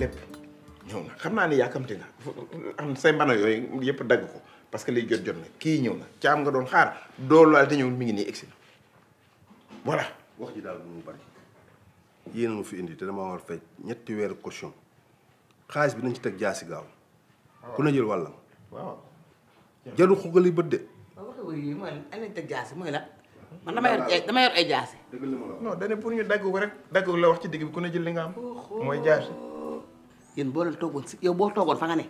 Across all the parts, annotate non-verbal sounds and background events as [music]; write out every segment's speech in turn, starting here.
lépp ñëw na xam naa ne yàkkamti nga am say mbana yooyu yëpp dagg ko parce que liy jot jot na kii ñëw na caam nga doon xaar doolu laal te ñëwul mi ngi nii egsi na voilà. wax ji daal fi indi te dama war fay ñetti weeru caution xaalis bi nañ ci teg jaasi gaaw. ku na jël wàllam. waaw jarul xugali bët de. waaw mooy lan lañ teg jaasi ay dama yor pour ñu dagg ko rek dagg la wax ci digg bi ku ne jël li nga am. mooy jaasi. yéen boo toogoon si yow boo toogoon fa nga ne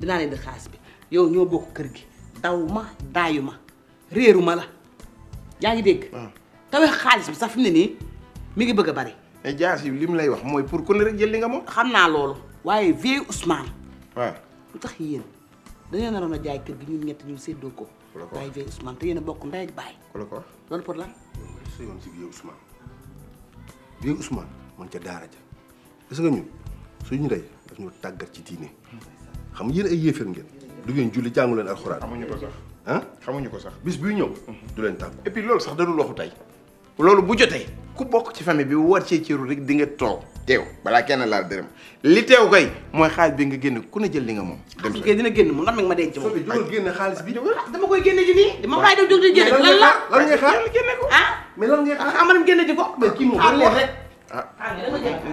dinaa leen di xaalis bi yow ñoo bokk kër gi daw ma daayu ma réeru ma la yaa ngi dégg. waaw tawe xaalis bi sax fi mu ne nii mi ngi bëgg a bari. mais eh, jaas yi li mu lay wax mooy pour ku ne rek jël li nga moom. xam naa loolu waaye vieille Ousmane. waaw lu tax yéen dañoo naroon a jaay kër gi ñun ñett ñu séddoo ko. waaye yéen a bokk ndey ak baay. loolu si yoon si vieille Ousmane vieille Ousmane daara ja gis nga ñun. suñu ndey daf ñu tàggat ci diine xam nga yéen ay yéefar ngeen du ngeen julli jàngu leen alxuraan. xamuñu ko sax ah xamuñu ko sax bis buy ñëw du leen tàggu et puis loolu sax dadul waxu tay loolu bu jotee ku bokk ci famille bi war cee cëru rek di nga toog teew balaa kenn laal dërëm li teew gay mooy xaal bi nga génn ku ne jël li nga moom dem si dina génn mu ndax mi nga ma denc moom bi xaalis bi ah, dama koy dama waaye daf jóg di génn lan la lan ngay xaar génne ko ah mais lan ngay xaar amanam ah, ah, génne ji ko mais kii ah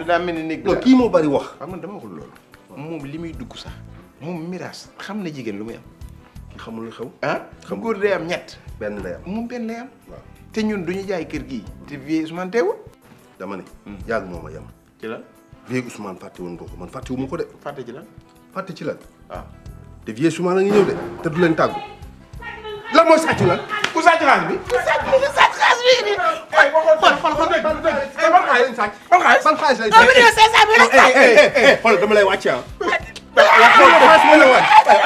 daa mel ni néeg bi kii moo bari wax. xam nga dama waxul loolu. moom li muy dugg sax moom miraas xam na jigéen lu muy am. ki xamul lu xew. ah xam góor day am ñett. benn lay am moom ñun du jaay kër gii. te vie Ousmane teewul. dama ne. Hmm. yàgg moom a yem. ci la vie Ousmane fàtte woon nga ko man fàtte ko de. fàtte ci la. fàtte ci la waaw. Ah. te vie Ousmane la nga ñëw de te du leen tàggu. lan mooy sàcc lan ku sàcc lan bi. xool xool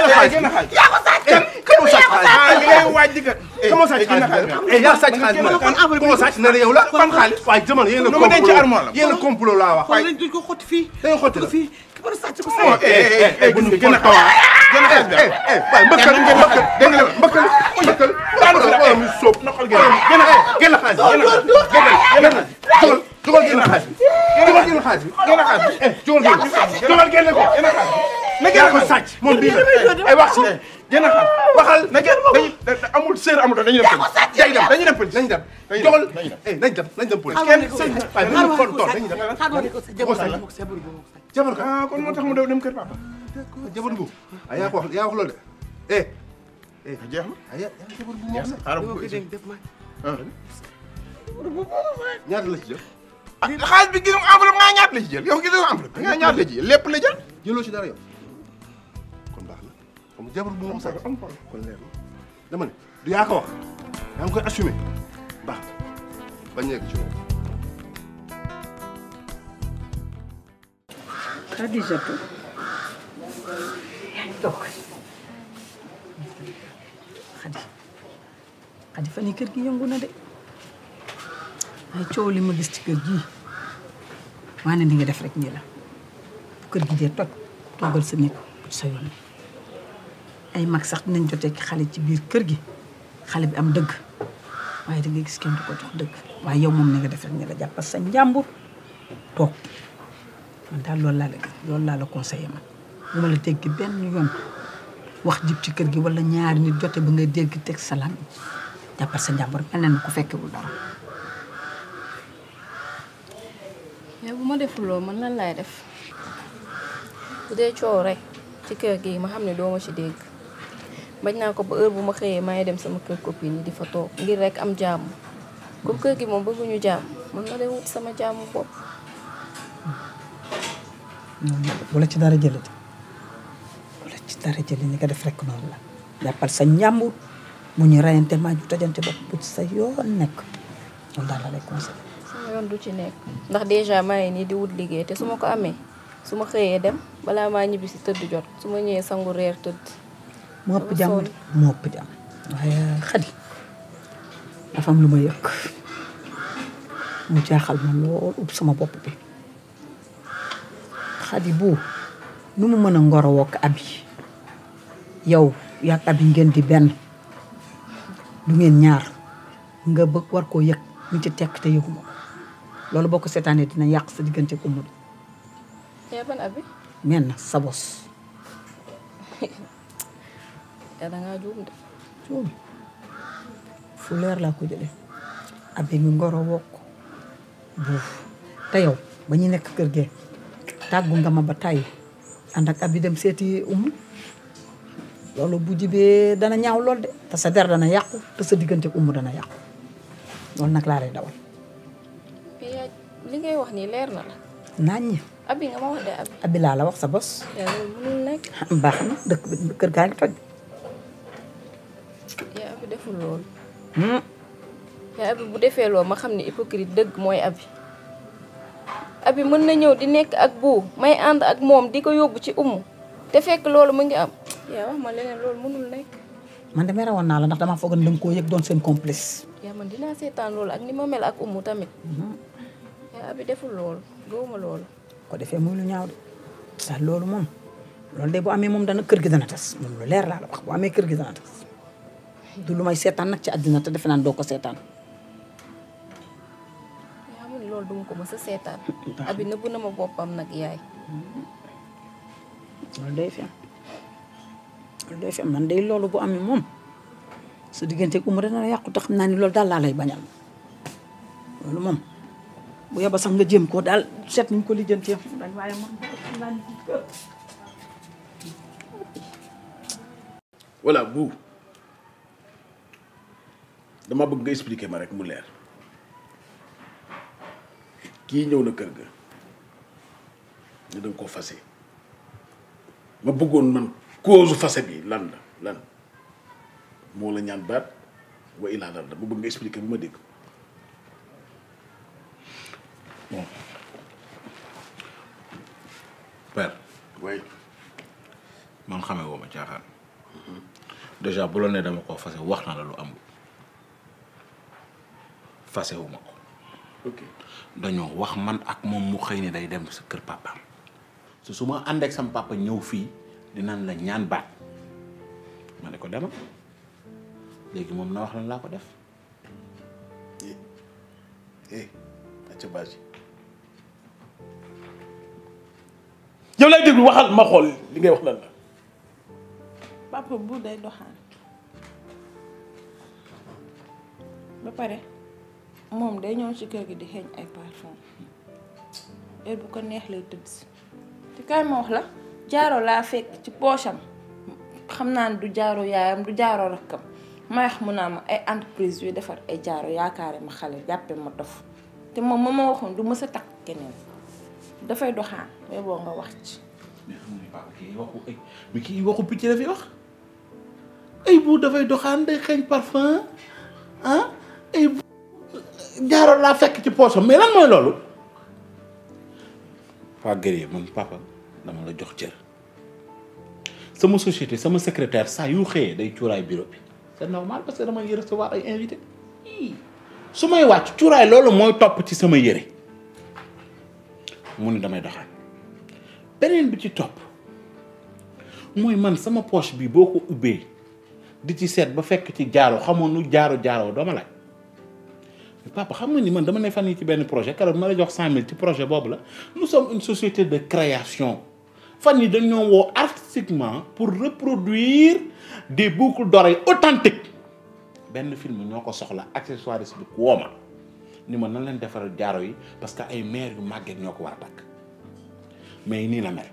xool xool yow sàcc xaalis li ngay waaj di kat sama sàcc xaalis eh yaa sàcc xaalis ma sàcc na yow la ban xaalis waaye jamono yéen la complot yéen la complot laa wax waaye duñ ko xotti fii dañ xotti la fii ki mën a sàcc ko sa eh eh gën a gën a xaw a gën a xaw waaye mbëkkal mbëkkal dégg nga mbëkkal mbëkkal daanu mi soob naqal gën a gën a xaalis gën a gën a dugal génn xaalis bi dugal génn xaalis bi génn xaalis bi dugal génn ko génn xaalis bi na génn ko sàcc moom bii la ay wax si génn xaal waxal na amul sër amul dañuy dem dañuy dem police dañuy dem joxal nañ dem nañ dem police kenn sëñ ay dañu ko tool dañuy dem jabar ko ah kon moo tax mu daw dem kër papa jabar bu ay yaa ko wax yaa wax loolu de eh eh jeex na ay jabar bu mo xaaral ko def ma ñaata la ci jël xaalis bi gis nga enveloppe nga ñaata la ci jël yow gis nga enveloppe nga ñaata la ci jël lépp la jël jëloo ci dara yow xam nga jabar bu mu sax am kon leer dama ne du yaa wax yaa ngi koy assumer bañ a yegg ci loolu. Xadi fan yi kër gi yëngu na de ay coow li ma gis ci kër gi maa ne ni def rek nii la bu kër gi dee toj toogal sa néeg sa ay mag sax dinañ jotee ki xale ci biir kër gi xale bi am dëgg waaye da nga gis kenn dëgg waaye yow moom na nga def rek ne la jàppal sa njàmbur toog man daal loolu laa la loolu laa la conseillé man bu ma la dégg benn yoon wax jib ci kër gi wala ñaari nit jote ba nga dégg teg salaam jàppal sa njàmbur mel na ne ku fekkewul dara mais bu ma defuloo man lan laay def bu dee coow rek ci kër gi ma xam ne doo ci dégg bañ naa ko ba heure bu ma xëyee maay dem sama kër copine yi di fa toog ngir rek am jàmm comme kër gi moom bëgguñu jàmm man ma dem wut sama jàmmu bopp. wala ci dara jëlee wala ci dara jëlee ni ko def rek noonu la jàppal sa mu ñu rayante maa ju tojante bopp bu ci sa yoon nekk loolu daal la lay conseillé. yoon du ci nekk ndax dèjà maa nii di wut liggéey te su ma ko amee su ma xëyee dem balaa maa ñibbi si tëdd jot su ma ñëwee sangu reer tëdd. moo ëpp jàmm moo ëpp jàmm waaye xadi dafa lu ma yëg mu jaaxal ma lool ub sama bopp bi xadi bu nu mu mën a ngorowoo ak abi yow yaag abi ngeen di benn du ngeen ñaar nga bëgg war koo yëg mu ci tekk te yëgu loolu boo ko seetaanee dina yàq sa diggante ko mu. yaa ban na sa [laughs] te dangaa juum de juum fu leer laa ko jëlee abe mi ngoro wokk buuf te yow ba ñu nekk kër gee tàggu nga ma ba tàyyi ànd ak abi dem seeti umu loolu bu jibee dana ñaaw lool de te sa der dana yàqu te sa diggante ak umu dana yàqu loolu nag laa lay dawal li ngay wax nii leer na la naañ abi nga ma wax de abi abi laa la wax sa bos baax na dëkk kër gaa ngi toj deful loolu. Hmm? bu defee loolu ma xam ne hypocrite dëgg mooy abi. abi mën na ñëw di nekk ak bu may ànd ak moom di ko yóbbu ci umu te fekk loolu mu ngi am. ma leneen loolu mënul nekk. man de merewoon naa la ndax damaa foog ne da nga doon seen complice. yaa man dinaa seetaan loolu ak ni ma mel ak umu tamit. Hmm. deful loolu gëwuma loolu. ko defee muy lu ñaaw de loolu moom de bu amee moom dana kër gi dana tas moom lu leer laa la wax bu amee kër gi dana tas. du lu may seetaan nag ci àddina te defe naan doo ko seetaan. yaa ngi loolu duma ko mës a seetaan. [laughs] abi nëbb na ma boppam nag yaay. Mm-hmm. loolu day fi am loolu day fi am man day loolu bu amee moom su digganteeg la yàqu daal laa lay bañal moom bu yaba sax nga jéem koo daal seet nuñ ko lijjantee waaye man bu dama bëgg nga expliquer ma rek mu leer kii ñëw na kër ga ne danga koo fase ma bëggoon man cause fase bi lan la lan moo la ñaan baat wa ilaa lan la bëgg nga expliquer bu ma dégg bon père way man xamee woo ma caaxaan déjà bu la ne dama koo fase wax na la lu am fasewu ma ko. dañoo wax man ak moom mu xëy ni day dem sa kër papaam su su ma ànd ak sam ñëw fii dinañ la ñaan baat ma ne ko demal léegi moom na wax lan laa ko def. eh eh yow lay déglu waxal ma xool li ngay wax lan la. papa bu day doxaan ba pare. moom day ñëw ci kër gi di xeeñ ay parfum heure bu ko neex lay tëdd si te ma wax la jaaro laa fekk ci poosam xam naa ne du jaaro yaayam du jaaro rakkam ma wax mu naa ma ay entreprise yuy defar ay jaaro yaakaare ma xale jàppe ma dof te moom ma ma waxoon du mës a takk keneen dafay doxaan yooyu nga wax ci mais kii waxu picc la fi wax ay buur dafay doxaan day xeeñ parfum ah jaaro laa fekk ci poosam mais lan mooy loolu. waa Guèye man papa dama la jox cër sama société sama secrétaire saa yu xëyee day cuuraay bureau bi c'est normal parce que dama ngi recevoir ay invité su may wàcc cuuraay loolu mooy topp ci sama yëre mun ne damay doxal beneen bi ci topp mooy man sama poche bi boo ko ubbee di ci seet ba fekk ci jaaro xamoon nu jaaro jaaro dama laaj. papa xam nga ni man dama ne fan yi ci benn projet keroog ma la jox cent mille ci projet boobu la nous sommes une société de création fan yi dañoo woo artistiquement pour reproduire des boucles d'oreilles authentiques benn film ñoo ko soxla accessoiriste bi ku woo ma ni ma na leen defaral jaaro yi parce que ay maire yu màgget ñoo ko war a takk mais nii la mel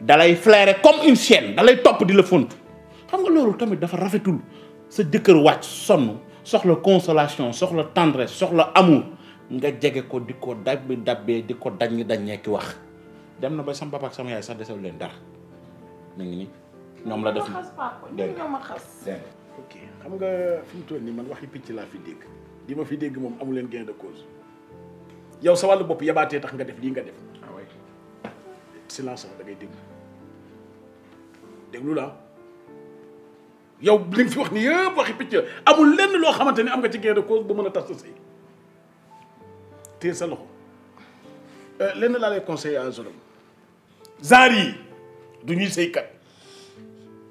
dalay flairer comme une chienne dalay topp di la font xam nga loolu tamit dafa rafetul sa jëkkër wàcc sonn soxla consolation soxla tendresse soxla amul nga jege ko di ko dab bi dabbee di ko dañ daññee ki wax dem na ba sama papa ak sama yaay sax desal leen dara mu ngi ni ñoom la def ma xas ok xam nga fi mu toll nii man waxi picc laa fi dégg li ma fi dégg moom amu leen gain de cause yow sa wàllu bopp yabaatee tax nga def lii nga def ah silence da ngay dégg déglu la yow li fi wax ni yëpp waxi picc amul lenn loo xamante ni am nga ci gain de cause bu mën a tas sa sëy téye sa loxo euh, lenn laa lay conseiller à Zola genre yi du ñuy sëykat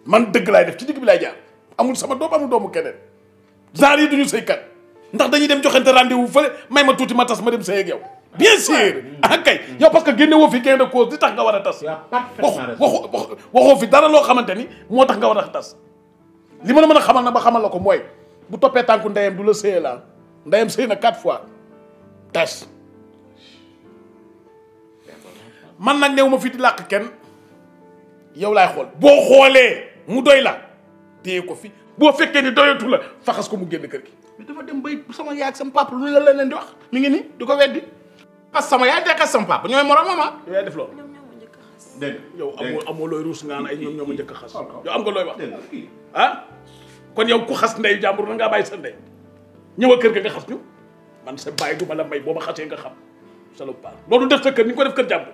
man dëgg laay def ci digg bi laay jaar amul sama doom amul doomu keneen genre yi du ñu sëykat ndax dañuy dem joxante rendez-vous fële may ma tuuti ma tas ma dem sëy ak yow. bien sûr ah kay yow parce que génne woo fi gain de cause di tax nga war a tas. waxu waxu waxoo fi dara loo xamante ni moo tax nga war a tas. li ma la mën a xamal na ba xamal la ko mooy bu toppee tànku ndeyam du la sëye la ndeyam sëy na quatre fois tas man nag néew ma fi di làq kenn yow laay xool boo xoolee mu doy la téye ko fi boo fekkee ni doyatu la faxas ko mu génn kër gi. mais dafa dem bay sama yaay ak sama papa lu la leen di wax mi ngi ni du ko weddi. parce que sama yaay ak sama papa ñooy moromam ah. yaay def loolu. dégg nga yow amoo amoo looy ruus ngaan ay ñoom ñoo ma njëkk a xas. yow am nga looy wax ah? kon yow ku xas ndey jàmbur na ngaa bàyyi sa ndey ñëw a kër ga nga xas ñu man sa bàyyi du ma la may boo ma xasee nga xam salopard loolu def sa kër ni nga ko def kër jàmbur.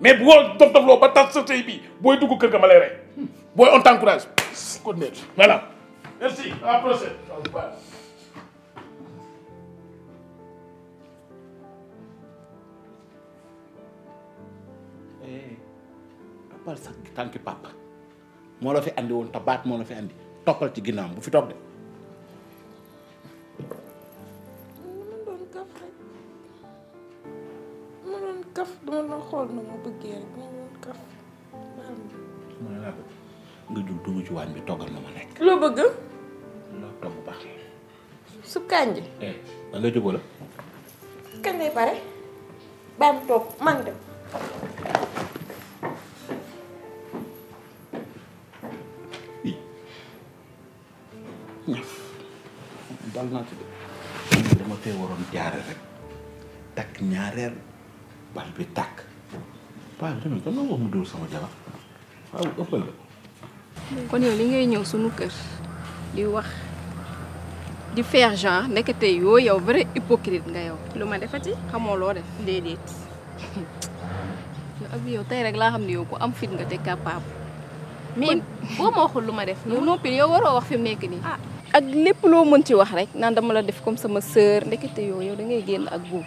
mais bu woo dof dof loo ba tas sa sëy bi booy dugg kër ga ma lay rey on t'encourage. kon nekk voilà merci toppal sa tànki papa moo la fi andi woon te moo la fi andi toppal ci ginnaaw bu fi topp de. ma ci waañ bi toggal na ma nekk. loo bëgg. su kanji. eh da jógoo la. kañ lay pare. bàyyi mu toog man daal naa dama fee waroon jaare rek takk ñaareel bal bi takk kon yow li ngay ñëw sunu kër di wax di faire genre nekkate yoo hypocrite nga yow. lu ma defati xamoo loo def déedéet [laughs] yow ab yow tey rek laa xam ne yow ku am fit nga te capable. mais boo ma waxul lu ma def. yow noppi yow waroo wax fi nekk nii. Ah. ak lépp loo mën ci wax rek nan dama la def comme sama sœur ndekete yow yow da ngay génn ak buub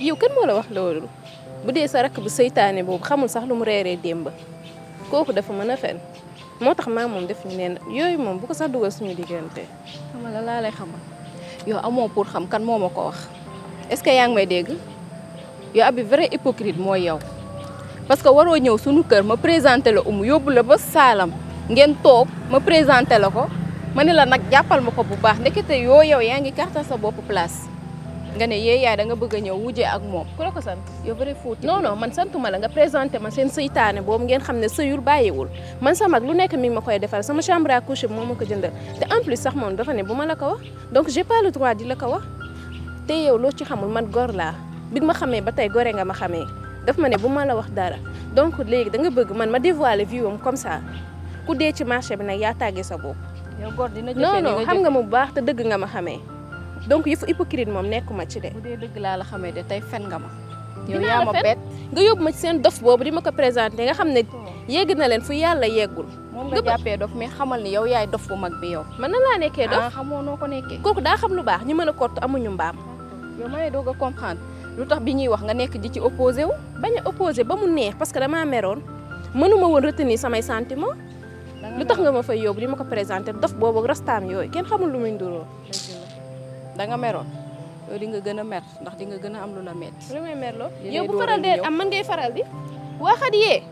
yow kan moo la wax loolu bu dee sa rakk bu seytaane boobu xamul sax lu mu reeree démb kooku dafa mën a fen moo tax maa moom def ñu neen yooyu moom bu ko sax dugal suñuy diggante xam la laa lay xamal yow amoo pour xam kan moom ma ko wax est-ce que yaa ngi may dégg yow abi vrai hypocrite mooy yow parce que waroo ñëw suñu kër ma présenté la umu yóbbu la ba saalam ngeen toog ma présenté la ko ma ne la nag jàppal ma ko bu baax ndekete yoo yow yaa ngi karta sa bopp place nga ne yee yaay da bëgg a ñëw wujje ak moom. ku la ko sant yow bëri fóoti. non man santuma la nga présenté ma seen seytaane boobu ngeen xam ne sëyul bàyyiwul man sama mag lu nekk mi ma koy defal sama chambre à coucher bi ma ko jëndal te en plus sax moom dafa ne bu ma la ko wax donc j'ai pas le droit di la ko wax te yow loo ci xamul man gor laa bi ma xamee ba tey gore nga ma xamee daf ma ne bu ma la wax dara donc léegi da nga bëgg man ma dévoiler vie comme ça ku dee ci marché bi nag yaa sa bopp. yow góor dina non non xam nga ma bu baax te dëgg nga ma xamee donc yëfu hypocrite moom nekkuma ci de. dëgg laa la xamee de tey fen nga ma. yow yaa ma bett nga yóbbu ma ci seen dof boobu di ma ko présenté nga xam ne oh. yegg na leen fu yàlla yeggul. moom nga jàppee dof mais xamal ni yow yaay dof bu mag bi yow. mën na laa nekkee dof ah xamoo noo ko nekkee. kooku daa xam lu baax ñu mën a kott amuñu mbaam. yow ma lay doog comprendre lu tax bi ñuy wax nga nekk ji ci opposé wu. bañ a opposé ba mu neex parce que damaa meroon mënuma woon retenir samay sentiment lu tax nga ma fa yóbbu di ma ko présenté dof boobu rastaam yooyu kenn xamul lu muy nduroo da nga meroon yow di nga gën a mer ndax di nga gën a am lu la metti lu may faral dee am man ngay faral di waxat yee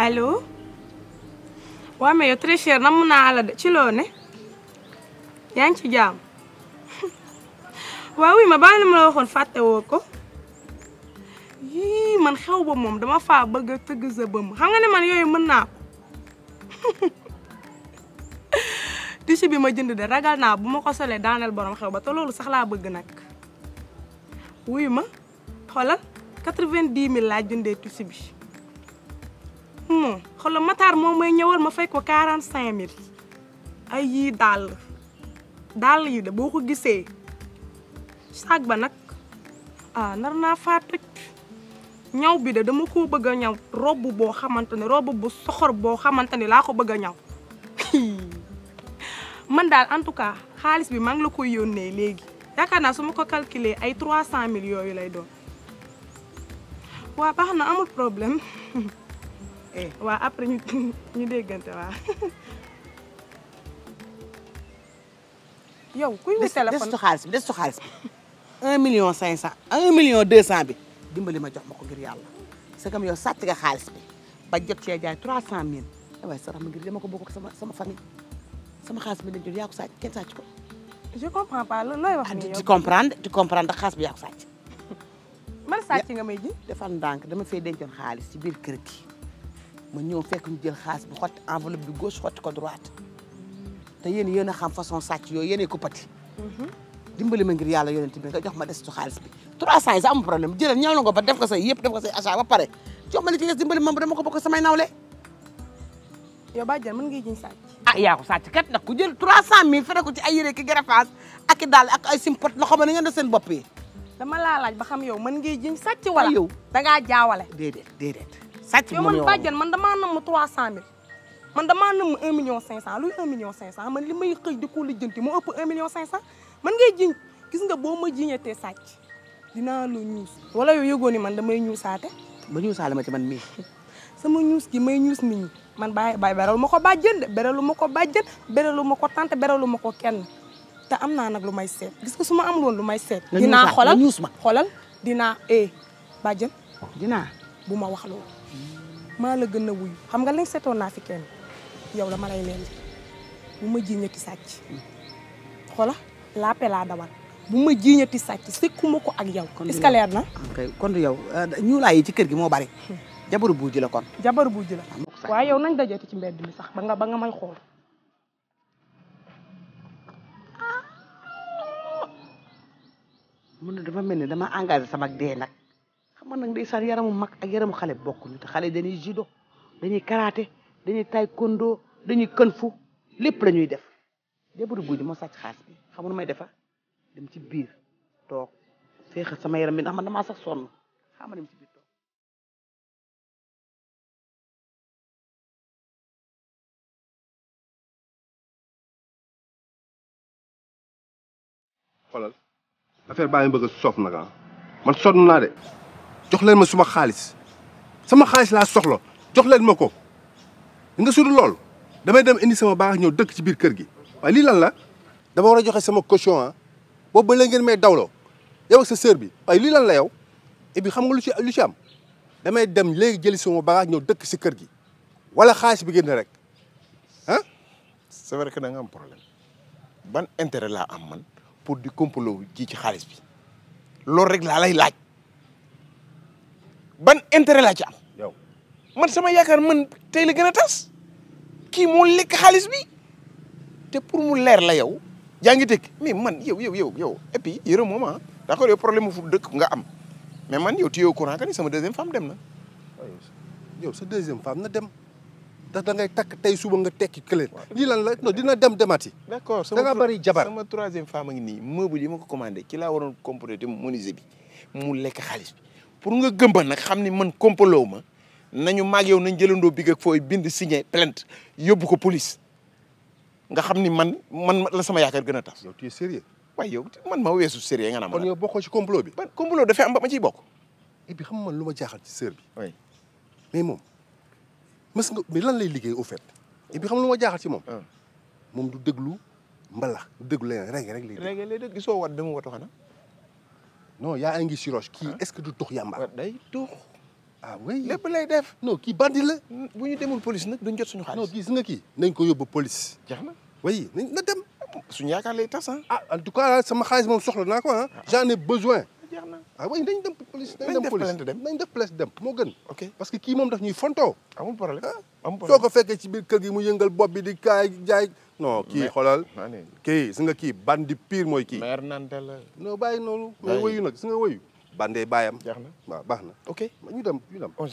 allo waa mais yow très cher namm naa la de ci loo ne yaa ngi ci jàmm ma bàyyi la ma la waxoon fàtte woo ko yii man xew ba moom dama faa bëgg a tëgg sa xam nga ne man yooyu mën naa ko [laughs] tissu bi ma jënd de ragal naa bu ma ko solee daaneel borom xew ba te loolu sax laa bëgg nag wuyu ma xoolal quatre-vingt-dix mille laa jëndee tissu bi moom xoolal Matar moom may ñëwal ma fay ko quarante-cinq mille ay yii daal. dàll yi de boo ko gisee saag ba nag ah nar naa faa toj ñaw bi de dama ko bëgg a ñaw robb boo xamante ne robb bu soxor boo xamante ne laa ko bëgg a ñaw [laughs] man daal en tout cas xaalis bi maa ngi la koy yónnee léegi yaakaar naa su ma ko calculer ay trois 300 mille yu lay doon waa baax na amul problème [laughs] eh. waa après ñu [laughs] ñu déggante waa yow kuy wut téléphone destu xaalis bi destu xaalis bi. un million cinq cent un million deux cent bi dimbali ma jox ma ko ngir yàlla sa kam yow sàcc nga xaalis bi ba jot cee jaay trois cent mille eh waaye ma ngir dama ko bokk sama sama famille sama xaalis bi dañ jot yaa ko sàcc kenn sàcc ko. je comprends pas looy wax ah, nii yow di comprendre di comprendre ndax xaalis bi yaa ko sàcc. [laughs] nga may ji. defal ndànk dama fe dencoon xaalis ci biir kër gi ma ñëw fekk ñu jël xaalis bi xotti enveloppe bi gauche xotti ko droite. te yéen yéen a xam façon sàcc yooyu yéenay ko pati. Mhm. dimbali ma ngir yàlla yonent bi nga jox ma des ci xaalis bi 300 yi sax amul problème jëlal ñaaw na ko ba def ko say yëpp def ko say achat ba pare jox ma li ci des dimbali ma dama ko bokk samay nawle. yow bàjjen mën ngi jiñ sàcc. ah yaa ko sàcc kat nag ku jël 300000 fere ko ci ay yére ki garafaas ak i daal ak ay simpot loxo ma ni ngeen def seen bopp yi. dama laa laaj ba xam yow mën ngi jiñ sàcc ah, wala. yow da ngaa jaawale. déedéet déedéet. sàcc moom yow man bàjjen man damaa namm 300000. man damaa nam un million cinq cent luy un million cinq cent man li may xëy di ko lijjanti moo ëpp un million cinq man ngay jiñ gis nga boo ma jiñatee sàcc dinaa la ñuus wala yow yëgoo ni man damay ñuusaate ba ñuusaale ma ci man mii sama ñuus gi may ñuus nit ñi man bàyyi bàyyi beralu ma ko bàjjen de ma ko bàjjen beralu ma ko tante beralu ko kenn te am naa nag lu may seet gis nga su ma amul lu may seet dinaa xolal ñuus ma xolal dinaa e bàjjen dinaa bu ma wax loolu maa la gën a wuyu xam nga lañ seetoon naa fi kenn yow dama lay leen bu ma jiiñati sàcc xoola laa pelaa dawal bu ma jiiñati sàcc sekkuma ko ak yow est leer na kon yow euh, ñu laa yi ci kër gi moo bari hmm. bu ji la kon bu ji la waaye yow nañ dajati ci mbedd mi sax banga nga ba nga may xool mun na dafa mel ni dama engagé sama dee nag xam nga nag ndeysaan yaramu mag ak yaramu xale bokkuñu te xale dañuy judo dañuy karaté dañuy taekwondo dañuy kung fu lépp la ñuy def jabaru buuj moo sàcc xaalis bi xam nu may defa dem ci biir toog féexal sama yaram bi ndax man sax sonn xam ma dem ci biir toog baa bëgg a soof naka ah. de jox leen ma suma xaalis sama xaalis laa soxlo jox leen ma ko nga sudu loolu damay dem indi sama baax ñoo dëkk ci biir kër gi waaye lii lan la dama war a joxe sama caution ah boobu ba ngeen may dawloo yow sa sœur bi waaye lii lan la yow et xam nga lu ci lu ci am damay dem léegi jëli sama bagage ñoo dëkk si kër gi wala xaalis bi génn rek ah c'est vrai que da am problème ban intérêt laa am man pour di complot ji ci xaalis bi loolu rek laa lay laaj ban intérêt laa ci am man sama yaakaar man tey la gën a tas kii moo lekk xaalis bi te pour mu leer la yow yaa ngi dégg mais man yow yow yow yow et puis yërëm moom ah d'accord yow problème mu fu dëkk nga am mais man yow téye au courant que ni sama deuxième femme dem na. yow sa deuxième femme na dem ndax da ngay takk tey suba nga tekki kële. lii lan la dina dem demati. d'accord sama da nga bari jabar sama troisième femme a ngi nii meuble yi ma ko commandé ci laa waroon complété menuisier bi mu lekk xaalis pour nga gëmba nag xam ni man kompaloo ma. nañu maag yow nañ jëlandoo big ak fooy bind signé plainte yóbbu ko police nga xam ni man man la sama yaakaar gën a tas. yow tu es sérieux waaye yow man ma weesu sérieux nga naan ma. kon yow bokkoo ci complot bi. ban complot dafay am ba ma ciy bokk. et xam ma man lu ma ci sër bi. oui mais moom mës nga lan lay liggéey au fait. et xam nga lu ma jaaxal ci moom. Ah. moom du déglu mbalax du déglu leneen reggae rek lay déglu. reggae lay déglu gisoo wat bi mu watu xanaa. non yaa ngi si roche. kii ah. est-ce que du tux yàmba. day tux. ah oui lépp lay def. non kii bandi la. bu ñu demul police nag duñ jot suñu xaalis. non gis nga ko yóbbu police. jeex na oui nañ na dem. suñu yaakaar lay tas ah. en tout cas sama xaalis moom soxla naa ko ah. j'en ai besoin. na ah oui nañ dem police. nañ dem nañ def plainte dem moo gën. ok parce que kii moom daf ñuy fontoo. amul problème ah. amul problème soo ko fekkee ci biir kër gi mu yëngal bopp bi di kaay jaay. non kii xoolal kii su nga kii bandi pire mooy kii. mer nante la. non bàyyi noonu. bàyyi wëyu nag su nga wëyu bandee baayam jeex na baax na ok ñu dem ñu dem on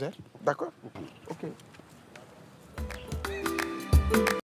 d'accord ok